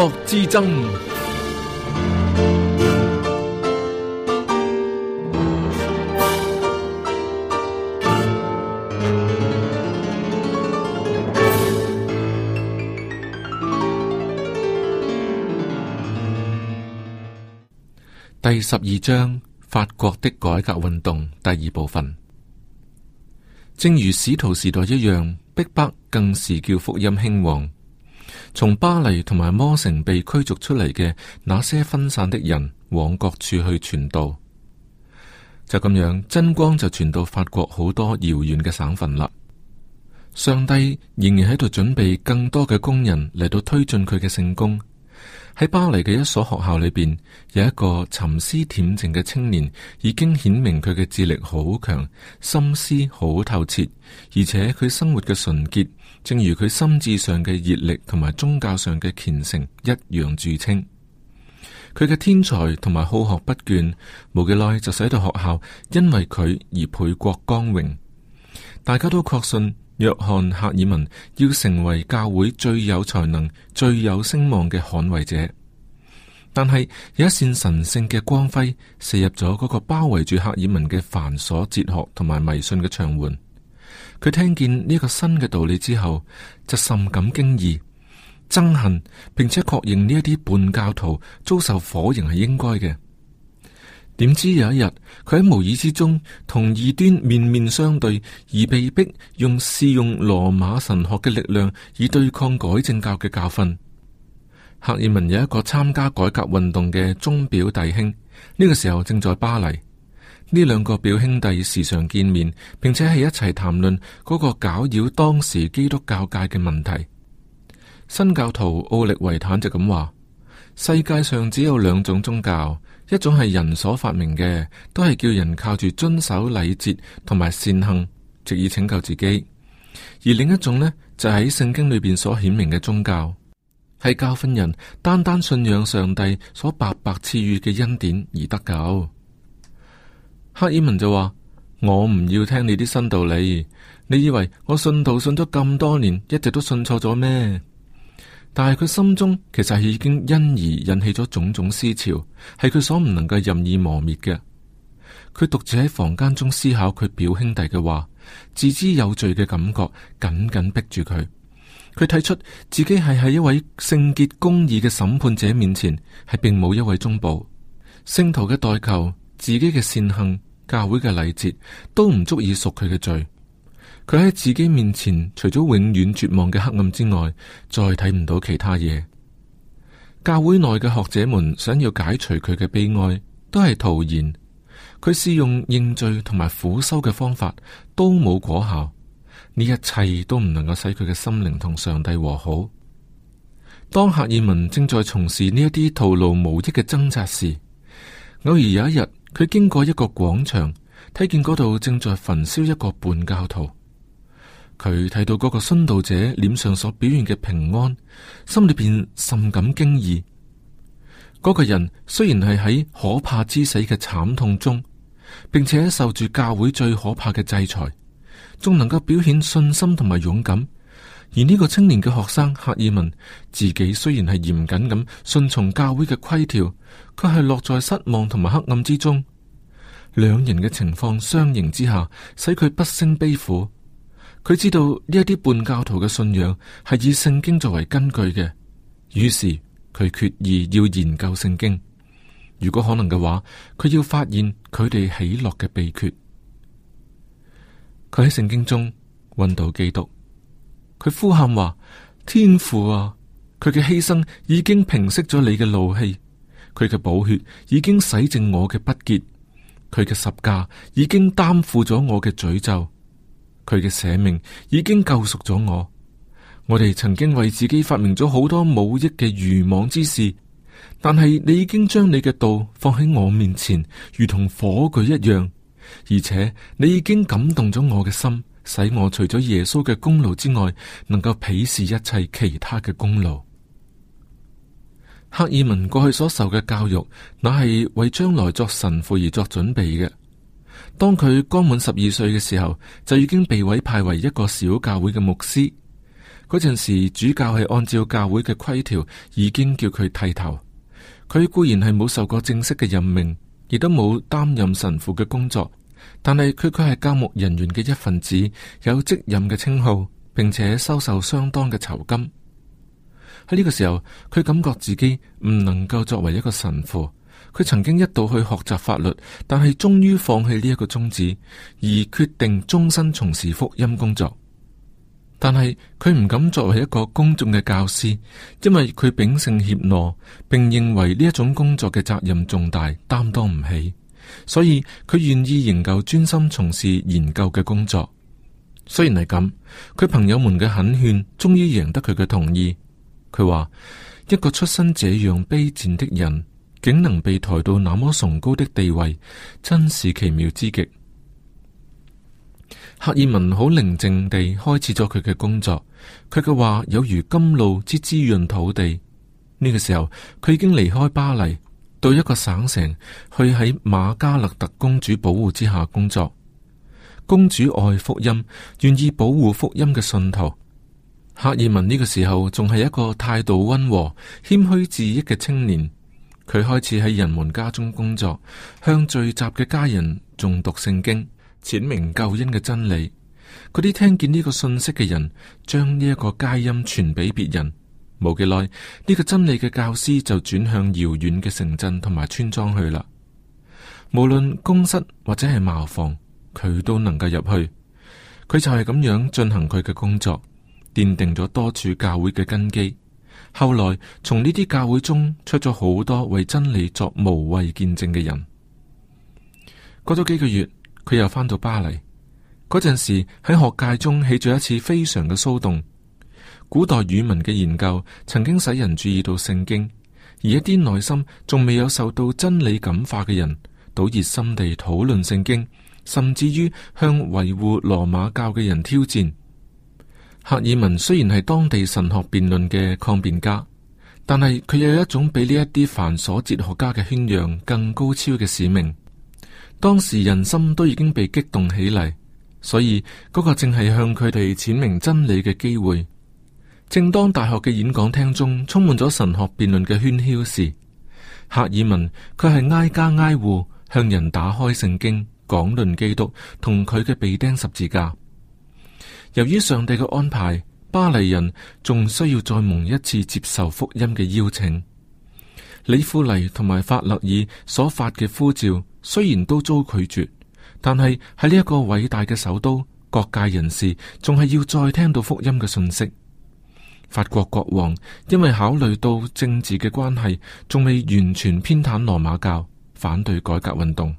國之爭。第十二章：法國的改革運動第二部分。正如使徒時代一樣，逼迫更是叫福音興旺。從巴黎同埋摩城被驅逐出嚟嘅，那些分散的人，往各處去傳道，就咁樣真光就傳到法國好多遙遠嘅省份啦。上帝仍然喺度準備更多嘅工人嚟到推進佢嘅聖工。喺巴黎嘅一所學校裏邊，有一個沉思恬靜嘅青年，已經顯明佢嘅智力好強，心思好透徹，而且佢生活嘅純潔，正如佢心智上嘅熱力同埋宗教上嘅虔誠一樣著稱。佢嘅天才同埋好學不倦，冇幾耐就使到學校因為佢而倍國光榮，大家都確信，約翰·克爾文要成為教會最有才能、最有聲望嘅捍衛者，但係有一線神聖嘅光輝射入咗嗰個包圍住克爾文嘅繁瑣哲學同埋迷信嘅長環。佢聽見呢個新嘅道理之後，就甚感驚異、憎恨，並且確認呢一啲叛教徒遭受火刑係應該嘅。點知有一日，佢喺無意之中同異端面面相對，而被逼用試用羅馬神學嘅力量，以對抗改正教嘅教訓。赫爾文有一個參加改革運動嘅鐘表弟兄，呢、這個時候正在巴黎。呢兩個表兄弟時常見面，並且係一齊談論嗰個攪擾當時基督教界嘅問題。新教徒奧力維坦就咁話：世界上只有兩種宗教。一種係人所發明嘅，都係叫人靠住遵守禮節同埋善行，藉以拯救自己；而另一種呢，就喺、是、聖經裏邊所顯明嘅宗教，係教訓人單,單單信仰上帝所白白賜予嘅恩典而得救。黑爾文就話：我唔要聽你啲新道理，你以為我信徒信咗咁多年，一直都信錯咗咩？但係佢心中其實已經因而引起咗種種思潮，係佢所唔能夠任意磨滅嘅。佢獨自喺房間中思考佢表兄弟嘅話，自知有罪嘅感覺緊緊逼住佢。佢睇出自己係喺一位聖潔公義嘅審判者面前，係並冇一位中保、聖徒嘅代求、自己嘅善行、教會嘅禮節，都唔足以贖佢嘅罪。佢喺自己面前，除咗永遠絕望嘅黑暗之外，再睇唔到其他嘢。教會內嘅學者們想要解除佢嘅悲哀，都係徒然。佢試用認罪同埋苦修嘅方法，都冇果效。呢一切都唔能夠使佢嘅心靈同上帝和好。當客爾文正在從事呢一啲徒勞無益嘅掙扎時，偶爾有一日，佢經過一個廣場，睇見嗰度正在焚燒一個叛教徒。佢睇到嗰個殉道者臉上所表現嘅平安，心裏邊甚感驚異。嗰、那個人雖然係喺可怕之死嘅慘痛中，並且受住教會最可怕嘅制裁，仲能夠表現信心同埋勇敢。而呢個青年嘅學生加爾文，自己，雖然係嚴謹咁順從教會嘅規條，卻係落在失望同埋黑暗之中。兩人嘅情況相形之下，使佢不勝悲苦。佢知道呢一啲半教徒嘅信仰係以聖經作為根據嘅，於是佢決意要研究聖經。如果可能嘅話，佢要發現佢哋喜樂嘅秘訣。佢喺聖經中搵到基督，佢呼喊話：天父啊，佢嘅犧牲已經平息咗你嘅怒氣，佢嘅寶血已經洗淨我嘅不潔，佢嘅十架已經擔負咗我嘅詛咒。佢嘅捨命已經救贖咗我。我哋曾經為自己發明咗好多無益嘅愚妄之事，但係你已經將你嘅道放喺我面前，如同火炬一樣。而且你已經感動咗我嘅心，使我除咗耶穌嘅功勞之外，能夠鄙視一切其他嘅功勞。克爾文過去所受嘅教育，乃係為將來作神父而作準備嘅。當佢剛滿十二歲嘅時候，就已經被委派為一個小教會嘅牧師。嗰陣時，主教係按照教會嘅規條，已經叫佢剃頭。佢固然係冇受過正式嘅任命，亦都冇擔任神父嘅工作，但係佢卻係教牧人員嘅一份子，有職任嘅稱號，並且收受相當嘅酬金。喺呢個時候，佢感覺自己唔能夠作為一個神父。佢曾經一度去學習法律，但係終於放棄呢一個宗旨，而決定終身從事福音工作。但係佢唔敢作為一個公眾嘅教師，因為佢秉性怯懦，並認為呢一種工作嘅責任重大，擔當唔起，所以佢願意研究、專心從事研究嘅工作。雖然係咁，佢朋友們嘅懇勸終於贏得佢嘅同意。佢話一個出身這樣卑賤的人。竟能被抬到那麼崇高的地位，真是奇妙之極。克爾文好寧靜地開始咗佢嘅工作，佢嘅話有如甘露之滋潤土地。呢、這個時候，佢已經離開巴黎，到一個省城去喺馬加勒特公主保護之下工作。公主愛福音，願意保護福音嘅信徒。克爾文呢個時候仲係一個態度温和、謙虛自抑嘅青年。佢開始喺人們家中工作，向聚集嘅家人誦讀聖經，闡明救恩嘅真理。嗰啲聽見呢個信息嘅人，將呢一個佳音傳俾別人。冇幾耐，呢個真理嘅教師就轉向遙遠嘅城鎮同埋村莊去啦。無論公室或者係茅房，佢都能夠入去。佢就係咁樣進行佢嘅工作，奠定咗多處教會嘅根基。後來從呢啲教會中出咗好多為真理作無畏見證嘅人。過咗幾個月，佢又返到巴黎。嗰陣時喺學界中起咗一次非常嘅騷動。古代語文嘅研究曾經使人注意到聖經，而一啲內心仲未有受到真理感化嘅人，都熱心地討論聖經，甚至於向維護羅馬教嘅人挑戰。赫爾文雖然係當地神學辯論嘅抗辯家，但係佢有一種比呢一啲繁瑣哲學家嘅宣揚更高超嘅使命。當時人心都已經被激動起嚟，所以嗰、那個正係向佢哋闡明真理嘅機會。正當大學嘅演講廳中充滿咗神學辯論嘅喧囂時，赫爾文佢係挨家挨戶向人打開聖經，講論基督同佢嘅被釘十字架。由於上帝嘅安排，巴黎人仲需要再蒙一次接受福音嘅邀請。李富黎同埋法勒爾所發嘅呼召，雖然都遭拒絕，但係喺呢一個偉大嘅首都，各界人士仲係要再聽到福音嘅信息。法國國王因為考慮到政治嘅關係，仲未完全偏袒羅馬教，反對改革運動。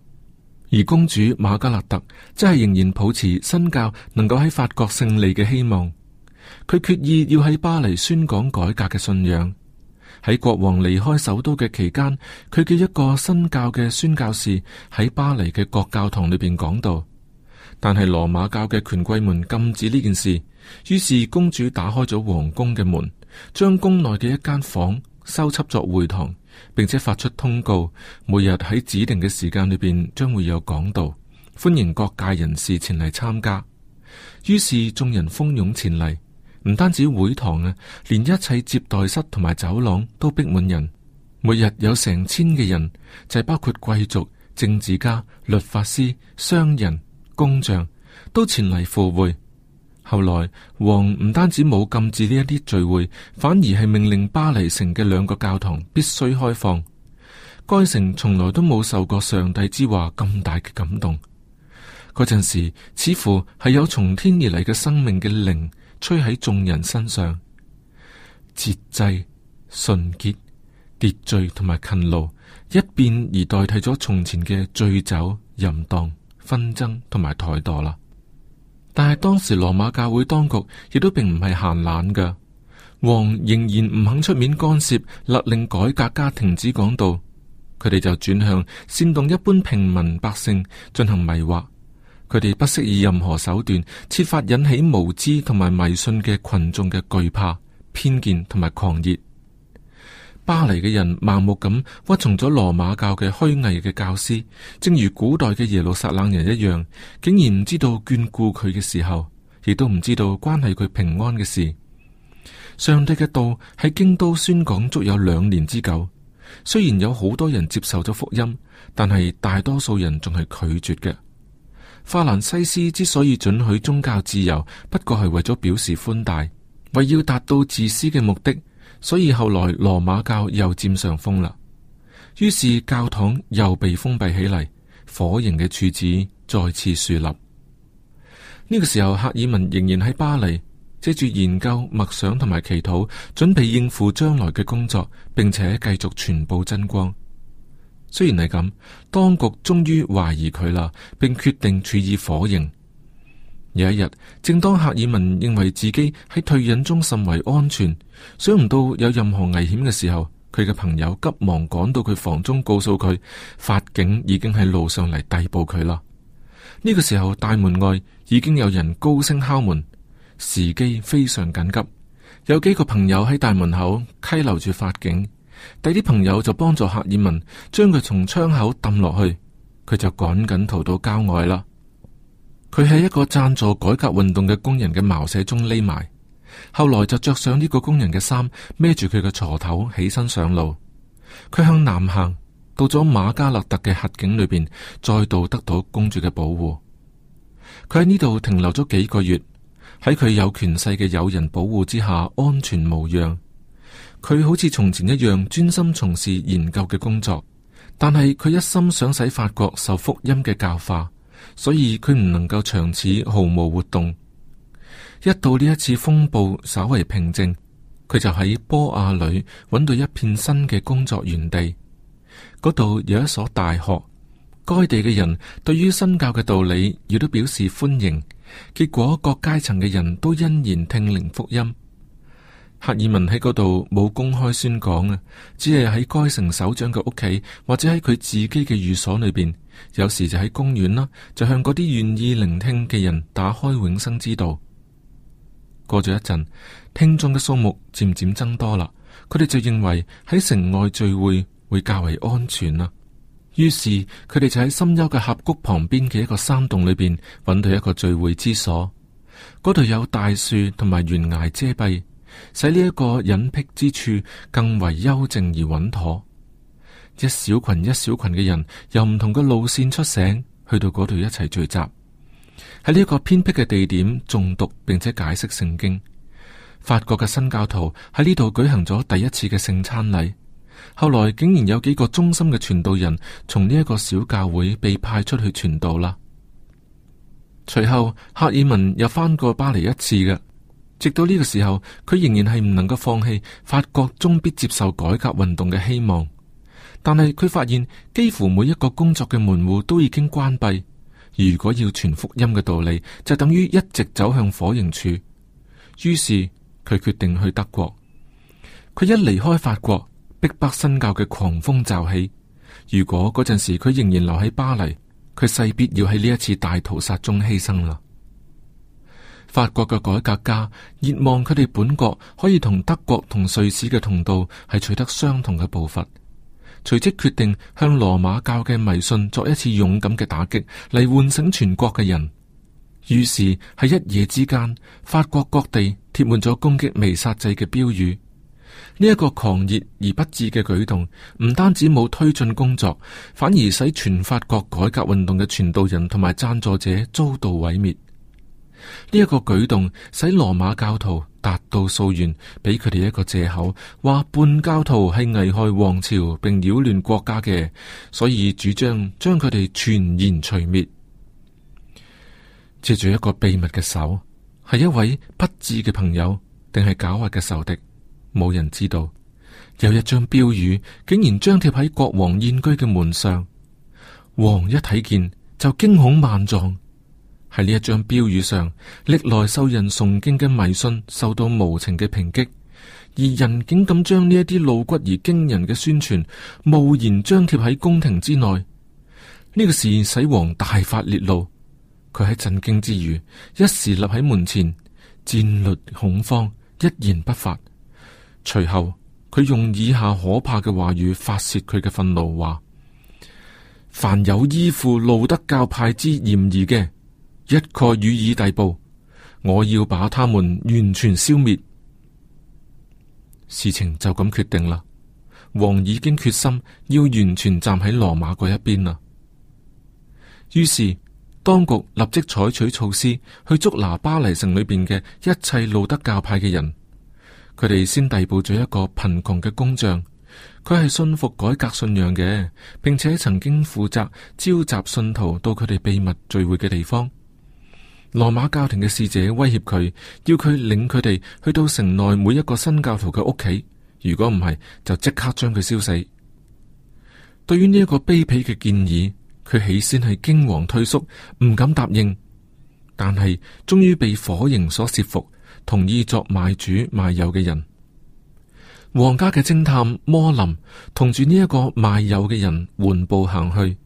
而公主瑪加納特，真係仍然抱持新教能夠喺法國勝利嘅希望。佢決意要喺巴黎宣講改革嘅信仰。喺國王離開首都嘅期間，佢嘅一個新教嘅宣教士喺巴黎嘅國教堂裏邊講道。但係羅馬教嘅權貴們禁止呢件事。於是公主打開咗皇宮嘅門，將宮內嘅一間房收葺作會堂。並且發出通告，每日喺指定嘅時間裏邊將會有講道，歡迎各界人士前嚟參加。於是眾人蜂擁前嚟，唔單止會堂啊，連一切接待室同埋走廊都逼滿人。每日有成千嘅人，就包括貴族、政治家、律法師、商人、工匠，都前嚟赴會。後來，王唔單止冇禁止呢一啲聚會，反而係命令巴黎城嘅兩個教堂必須開放。該城從來都冇受過上帝之話咁大嘅感動。嗰陣時，似乎係有從天而嚟嘅生命嘅靈，吹喺眾人身上，節制、純潔、秩序同埋勤勞，一變而代替咗從前嘅醉酒、淫蕩、紛爭同埋怠惰啦。但係當時羅馬教會當局亦都並唔係閒懶噶，王仍然唔肯出面干涉，勒令改革家停止講道，佢哋就轉向煽動一般平民百姓進行迷惑，佢哋不惜以任何手段，設法引起無知同埋迷信嘅群眾嘅懼怕、偏見同埋狂熱。巴黎嘅人盲目咁屈從咗羅馬教嘅虛偽嘅教師，正如古代嘅耶路撒冷人一樣，竟然唔知道眷顧佢嘅時候，亦都唔知道關係佢平安嘅事。上帝嘅道喺京都宣講足有兩年之久，雖然有好多人接受咗福音，但係大多數人仲係拒絕嘅。法蘭西斯之所以准許宗教自由，不過係為咗表示寬大，為要達到自私嘅目的。所以後來羅馬教又佔上風啦，於是教堂又被封閉起嚟，火刑嘅柱子再次樹立。呢、這個時候，赫爾文仍然喺巴黎，借住研究、默想同埋祈禱，準備應付將來嘅工作，並且繼續傳播真光。雖然係咁，當局終於懷疑佢啦，並決定處以火刑。有一日，正當赫爾文認為自己喺退隱中甚為安全，想唔到有任何危險嘅時候，佢嘅朋友急忙趕到佢房中，告訴佢，法警已經喺路上嚟逮捕佢啦。呢個時候，大門外已經有人高聲敲門，時機非常緊急。有幾個朋友喺大門口溪留住法警，第啲朋友就幫助赫爾文將佢從窗口抌落去，佢就趕緊逃到郊外啦。佢喺一個贊助改革運動嘅工人嘅茅舍中匿埋，後來就着上呢個工人嘅衫，孭住佢嘅鋤頭起身上路。佢向南行，到咗馬加勒特嘅核境裏邊，再度得到公主嘅保護。佢喺呢度停留咗幾個月，喺佢有權勢嘅友人保護之下，安全無恙。佢好似從前一樣，專心從事研究嘅工作，但係佢一心想使法國受福音嘅教化。所以佢唔能夠長此毫無活動。一到呢一次風暴稍為平靜，佢就喺波亞里揾到一片新嘅工作園地。嗰度有一所大學，該地嘅人對於新教嘅道理亦都表示歡迎。結果各階層嘅人都欣然聽聆福音。赫爾文喺嗰度冇公開宣講啊，只係喺該城首長嘅屋企或者喺佢自己嘅寓所裏邊，有時就喺公園啦，就向嗰啲願意聆聽嘅人打開永生之道。過咗一陣，聽眾嘅數目漸漸增多啦，佢哋就認為喺城外聚會會較為安全啦。於是佢哋就喺深幽嘅峽谷旁邊嘅一個山洞裏邊，揾到一個聚會之所。嗰度有大樹同埋懸崖遮蔽。使呢一個隱僻之處更為幽靜而穩妥。一小群一小群嘅人，由唔同嘅路線出城，去到嗰度一齊聚集，喺呢一個偏僻嘅地點誦讀，並且解釋聖經。法國嘅新教徒喺呢度舉行咗第一次嘅聖餐禮。後來竟然有幾個忠心嘅傳道人，從呢一個小教會被派出去傳道啦。隨後，赫爾文又返過巴黎一次嘅。直到呢個時候，佢仍然係唔能夠放棄法國終必接受改革運動嘅希望。但係佢發現，幾乎每一個工作嘅門戶都已經關閉。如果要傳福音嘅道理，就等於一直走向火刑柱。於是佢決定去德國。佢一離開法國，逼迫新教嘅狂風驟起。如果嗰陣時佢仍然留喺巴黎，佢勢必要喺呢一次大屠殺中犧牲啦。法國嘅改革家熱望佢哋本國可以同德國同瑞士嘅同道係取得相同嘅步伐，隨即決定向羅馬教嘅迷信作一次勇敢嘅打擊，嚟喚醒全國嘅人。於是喺一夜之間，法國各地貼滿咗攻擊彌撒制嘅標語。呢、這、一個狂熱而不智嘅舉動，唔單止冇推進工作，反而使全法國改革運動嘅傳道人同埋贊助者遭到毀滅。呢一個舉動使羅馬教徒達到夙願，俾佢哋一個借口，話半教徒係危害王朝並擾亂國家嘅，所以主張將佢哋全然除滅。借住一個秘密嘅手，係一位不智嘅朋友定係狡猾嘅仇敵，冇人知道。有一張標語竟然張貼喺國王燕居嘅門上，王一睇見就驚恐萬狀。喺呢一張標語上，歷來受人崇敬嘅迷信受到無情嘅抨擊，而人竟敢將呢一啲露骨而驚人嘅宣傳冒然張貼喺宮廷之內，呢、這個事使王大發烈怒。佢喺震驚之餘，一時立喺門前，戰略恐慌，一言不發。隨後，佢用以下可怕嘅話語發洩佢嘅憤怒：話凡有依附路德教派之嫌疑嘅。一概予以逮捕，我要把他們完全消滅。事情就咁決定啦。王已經決心要完全站喺羅馬嗰一邊啦。於是當局立即採取措施去捉拿巴黎城裏邊嘅一切路德教派嘅人。佢哋先逮捕咗一個貧窮嘅工匠，佢係信服改革信仰嘅，並且曾經負責召集信徒到佢哋秘密聚會嘅地方。羅馬教廷嘅使者威脅佢，要佢領佢哋去到城內每一個新教徒嘅屋企，如果唔係，就即刻將佢燒死。對於呢一個卑鄙嘅建議，佢起先係驚惶退縮，唔敢答應，但係終於被火刑所懾服，同意作賣主賣友嘅人。皇家嘅偵探摩林同住呢一個賣友嘅人緩步行去，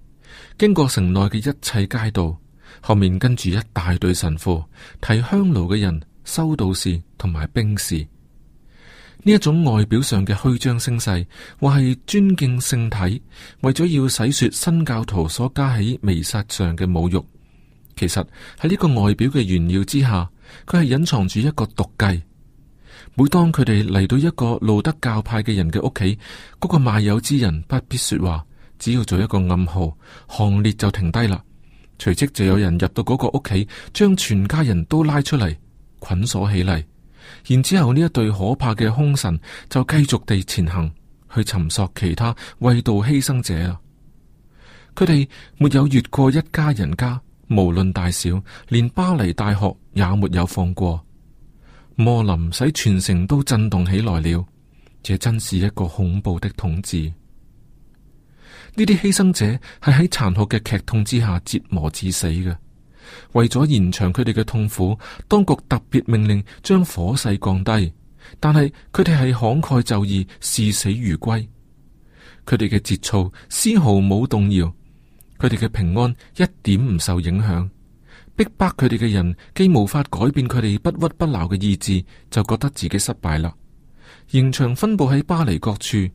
經過城內嘅一切街道。後面跟住一大隊神父、提香爐嘅人、修道士同埋兵士。呢一種外表上嘅虛張聲勢，或係尊敬聖體，為咗要洗雪新教徒所加喺彌撒上嘅侮辱，其實喺呢個外表嘅炫耀之下，佢係隱藏住一個毒計。每當佢哋嚟到一個路德教派嘅人嘅屋企，嗰、那個賣友之人不必說話，只要做一個暗號，行列就停低啦。隨即就有人入到嗰個屋企，將全家人都拉出嚟，捆鎖起嚟。然之後呢一對可怕嘅凶神就繼續地前行，去尋索其他為道犧牲者啊！佢哋沒有越過一家人家，無論大小，連巴黎大學也沒有放過。莫林使全城都震動起來了，這真是一個恐怖的統治。呢啲犧牲者係喺殘酷嘅劇痛之下折磨致死嘅，為咗延長佢哋嘅痛苦，當局特別命令將火勢降低，但係佢哋係慷慨就義，視死如歸。佢哋嘅節操絲毫冇動搖，佢哋嘅平安一點唔受影響。逼迫佢哋嘅人既無法改變佢哋不屈不撓嘅意志，就覺得自己失敗啦。刑場分佈喺巴黎各處，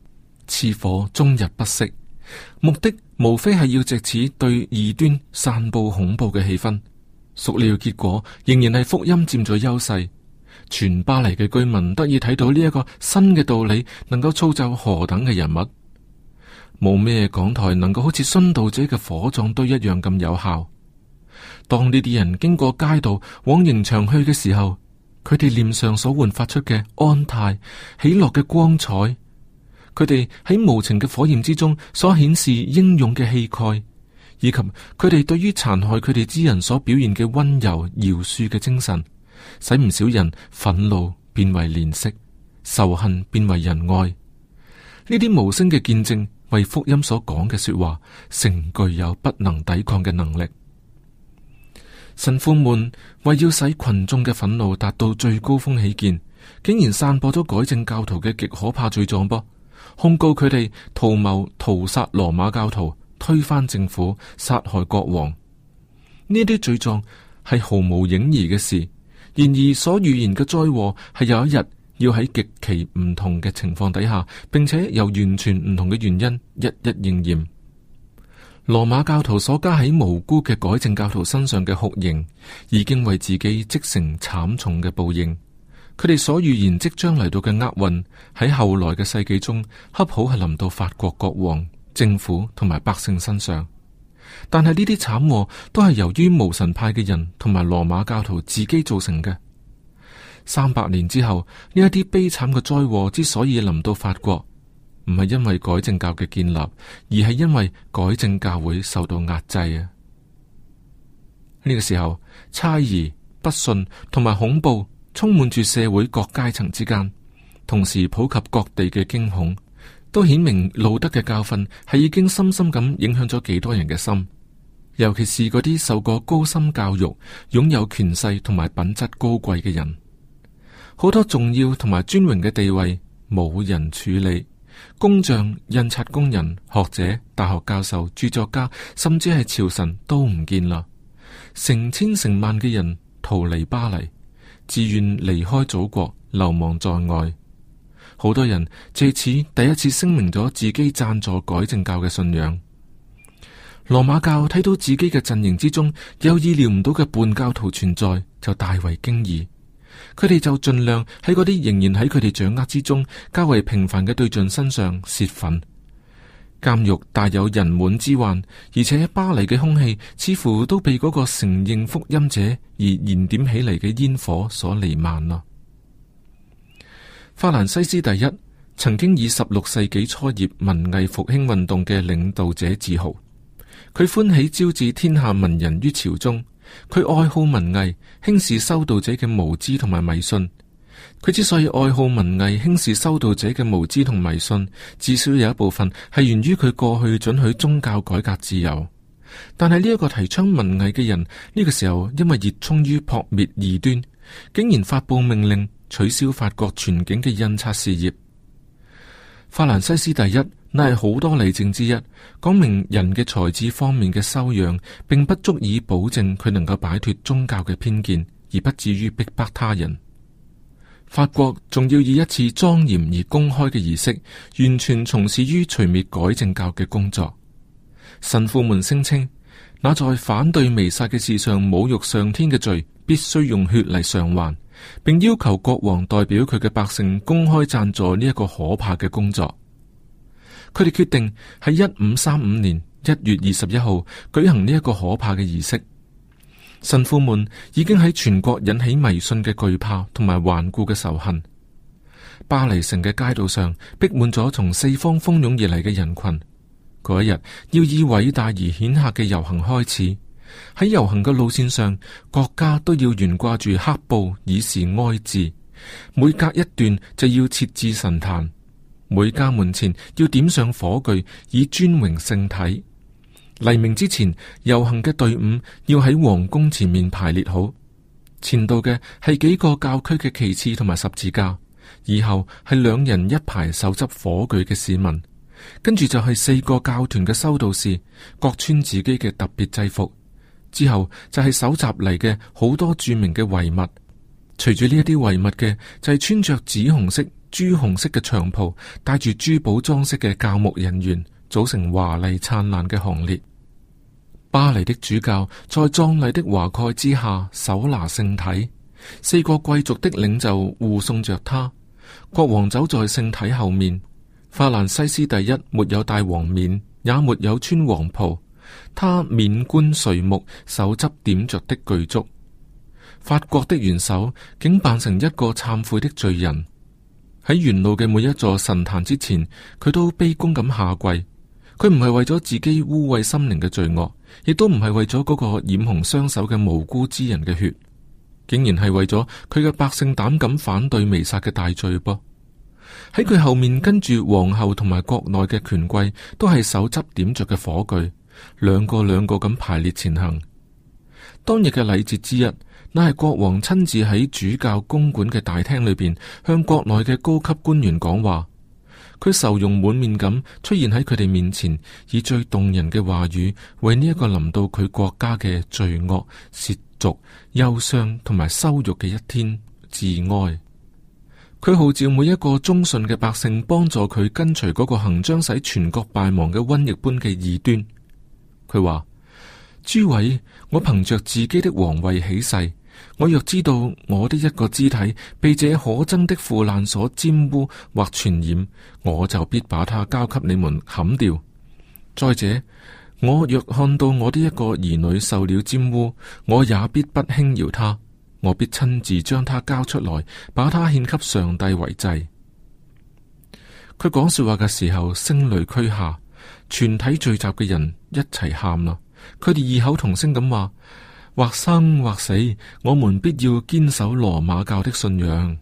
似火終日不息。目的無非係要借此對異端散布恐怖嘅氣氛，熟料結果仍然係福音佔咗優勢。全巴黎嘅居民得以睇到呢一個新嘅道理，能夠操縱何等嘅人物，冇咩港台能夠好似殉道者嘅火葬堆一樣咁有效。當呢啲人經過街道往刑場去嘅時候，佢哋臉上所煥發出嘅安泰喜樂嘅光彩，佢哋喺無情嘅火焰之中所顯示英勇嘅氣概，以及佢哋對於殘害佢哋之人所表現嘅溫柔饒恕嘅精神，使唔少人憤怒變為憐惜，仇恨變為仁愛。呢啲無聲嘅見證，為福音所講嘅說話，成具有不能抵抗嘅能力。神父們為要使群眾嘅憤怒達到最高峰起見，竟然散播咗改正教徒嘅極可怕罪狀噃。控告佢哋圖謀屠殺羅馬教徒、推翻政府、殺害國王，呢啲罪狀係毫無影兒嘅事。然而所預言嘅災禍係有一日要喺極其唔同嘅情況底下，並且由完全唔同嘅原因，一一應驗。羅馬教徒所加喺無辜嘅改正教徒身上嘅酷刑，已經為自己積成慘重嘅報應。佢哋所預言即將嚟到嘅厄運，喺後來嘅世紀中恰好係臨到法國國王、政府同埋百姓身上。但係呢啲慘禍都係由於無神派嘅人同埋羅馬教徒自己造成嘅。三百年之後，呢一啲悲慘嘅災禍之所以臨到法國，唔係因為改正教嘅建立，而係因為改正教會受到壓制啊！呢個時候，猜疑、不信同埋恐怖。充滿住社會各階層之間，同時普及各地嘅驚恐，都顯明路德嘅教訓係已經深深咁影響咗幾多人嘅心。尤其是嗰啲受過高深教育、擁有權勢同埋品質高貴嘅人，好多重要同埋尊榮嘅地位冇人處理。工匠、印刷工人、學者、大學教授、著作家，甚至係朝臣都唔見啦。成千成萬嘅人逃離巴黎。自願離開祖國流亡在外，好多人借此第一次聲明咗自己贊助改正教嘅信仰。羅馬教睇到自己嘅陣營之中有意料唔到嘅叛教徒存在，就大為驚異。佢哋就盡量喺嗰啲仍然喺佢哋掌握之中、較為平凡嘅對象身上洩憤。洩憤監獄大有人滿之患，而且巴黎嘅空氣似乎都被嗰個承認福音者而燃點起嚟嘅煙火所彌漫啦。法蘭西斯第一曾經以十六世紀初葉文藝復興運動嘅領導者自豪，佢歡喜招致天下文人於朝中，佢愛好文藝，輕視修道者嘅無知同埋迷信。佢之所以愛好文藝，輕視修道者嘅無知同迷信，至少有一部分係源於佢過去准許宗教改革自由。但係呢一個提倡文藝嘅人呢個時候，因為熱衷於撲滅異端，竟然發布命令取消法國全境嘅印刷事業。法蘭西斯第一，乃係好多例證之一，講明人嘅才智方面嘅修養，並不足以保證佢能夠擺脫宗教嘅偏見，而不至於逼迫他人。法國仲要以一次莊嚴而公開嘅儀式，完全從事於除滅改正教嘅工作。神父們聲稱，那在反對彌撒嘅事上侮辱上天嘅罪，必須用血嚟償還，並要求國王代表佢嘅百姓公開贊助呢一個可怕嘅工作。佢哋決定喺一五三五年一月二十一號舉行呢一個可怕嘅儀式。神父們已經喺全國引起迷信嘅懼怕同埋頑固嘅仇恨。巴黎城嘅街道上逼滿咗從四方蜂擁而嚟嘅人群。嗰一日要以偉大而顯赫嘅遊行開始。喺遊行嘅路線上，各家都要懸掛住黑布以示哀悼。每隔一段就要設置神壇，每家門前要點上火炬以尊榮聖體。黎明之前，遊行嘅隊伍要喺皇宮前面排列好。前度嘅係幾個教區嘅旗幟同埋十字架，以後係兩人一排手執火炬嘅市民，跟住就係四個教團嘅修道士，各穿自己嘅特別制服。之後就係蒐集嚟嘅好多著名嘅遺物。隨住呢一啲遺物嘅就係穿着紫紅色、朱紅色嘅長袍，戴住珠寶裝飾嘅教牧人員組成華麗燦爛嘅行列。巴黎的主教在壯麗的華蓋之下，手拿聖體；四個貴族的領袖護送着他，國王走在聖體後面。法蘭西斯第一沒有戴王冕，也沒有穿王袍，他免冠垂目，手執點着的巨燭。法國的元首竟扮成一個懺悔的罪人，喺沿路嘅每一座神壇之前，佢都卑躬咁下跪。佢唔係為咗自己污穢心靈嘅罪惡。亦都唔係為咗嗰個染紅雙手嘅無辜之人嘅血，竟然係為咗佢嘅百姓膽敢反對微殺嘅大罪啵。喺佢後面跟住皇后同埋國內嘅權貴，都係手執點着嘅火炬，兩個兩個咁排列前行。當日嘅禮節之一，乃係國王親自喺主教公館嘅大廳裏邊向國內嘅高級官員講話。佢愁容滿面咁出現喺佢哋面前，以最動人嘅話語為呢一個臨到佢國家嘅罪惡、褻瀆、憂傷同埋羞辱嘅一天致哀。佢號召每一個忠信嘅百姓幫助佢跟隨嗰個行將使全國敗亡嘅瘟疫般嘅異端。佢話：諸位，我憑着自己的皇位起誓。我若知道我的一個肢體被這可憎的腐爛所沾污或傳染，我就必把它交給你們砍掉。再者，我若看到我的一個兒女受了沾污，我也必不輕饒他，我必親自將他交出來，把他獻給上帝為祭。佢講說話嘅時候，聲淚俱下，全體聚集嘅人一齊喊啦，佢哋異口同聲咁話。或生或死，我們必要堅守羅馬教的信仰。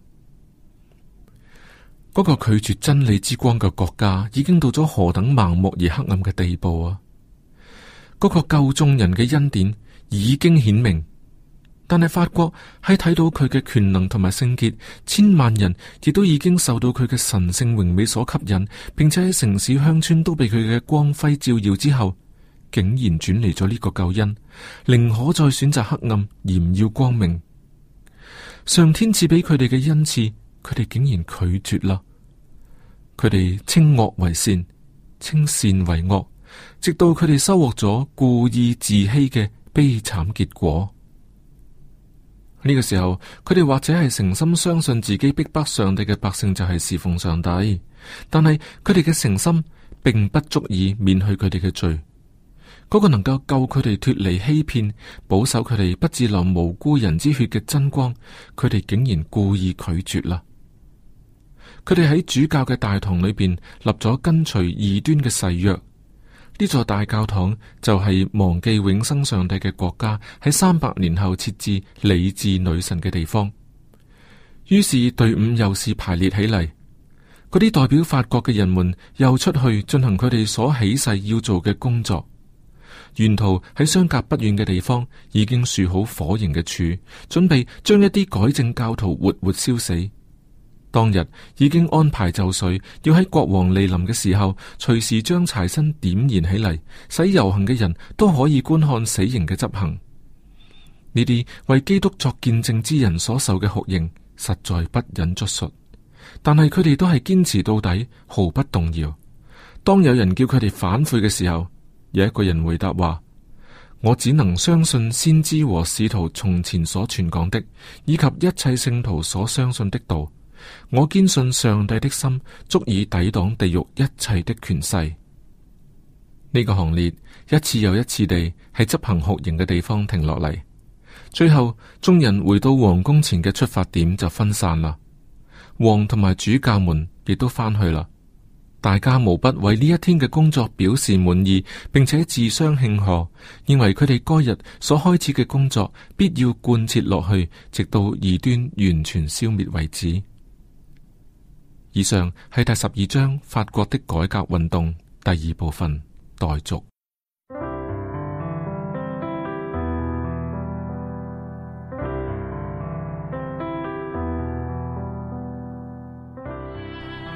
嗰個拒絕真理之光嘅國家，已經到咗何等盲目而黑暗嘅地步啊！嗰個救眾人嘅恩典已經顯明，但係法國喺睇到佢嘅權能同埋聖潔，千萬人亦都已經受到佢嘅神聖榮美所吸引，並且喺城市鄉村都被佢嘅光輝照耀之後，竟然轉離咗呢個救恩，寧可再選擇黑暗而唔要光明。上天賜俾佢哋嘅恩賜，佢哋竟然拒絕啦。佢哋稱惡為善，稱善為惡，直到佢哋收穫咗故意自欺嘅悲慘結果。呢、這個時候，佢哋或者係誠心相信自己逼迫，迫上帝嘅百姓就係侍奉上帝，但係佢哋嘅誠心並不足以免去佢哋嘅罪。嗰個能夠救佢哋脫離欺騙、保守佢哋不致流無辜人之血嘅真光，佢哋竟然故意拒絕啦。佢哋喺主教嘅大堂裏邊立咗跟隨異端嘅誓約。呢座大教堂就係忘記永生上帝嘅國家，喺三百年後設置理智女神嘅地方。於是隊伍又是排列起嚟，嗰啲代表法國嘅人們又出去進行佢哋所起誓要做嘅工作。沿途喺相隔不遠嘅地方，已經豎好火刑嘅柱，準備將一啲改正教徒活活燒死。當日已經安排就緒，要喺國王蒞臨嘅時候，隨時將柴薪點燃起嚟，使遊行嘅人都可以觀看死刑嘅執行。呢啲為基督作見證之人所受嘅酷刑，實在不忍卒述。但係佢哋都係堅持到底，毫不動搖。當有人叫佢哋反悔嘅時候，有一個人回答話：我只能相信先知和使徒從前所傳講的，以及一切聖徒所相信的道。我堅信上帝的心足以抵擋地獄一切的權勢。呢、這個行列一次又一次地喺執行酷刑嘅地方停落嚟，最後眾人回到王宮前嘅出發點就分散啦。王同埋主教們亦都返去啦。大家無不為呢一天嘅工作表示滿意，並且自相慶賀，認為佢哋該日所開始嘅工作必要貫徹落去，直到異端完全消滅為止。以上係第十二章法國的改革運動，第二部分，待續。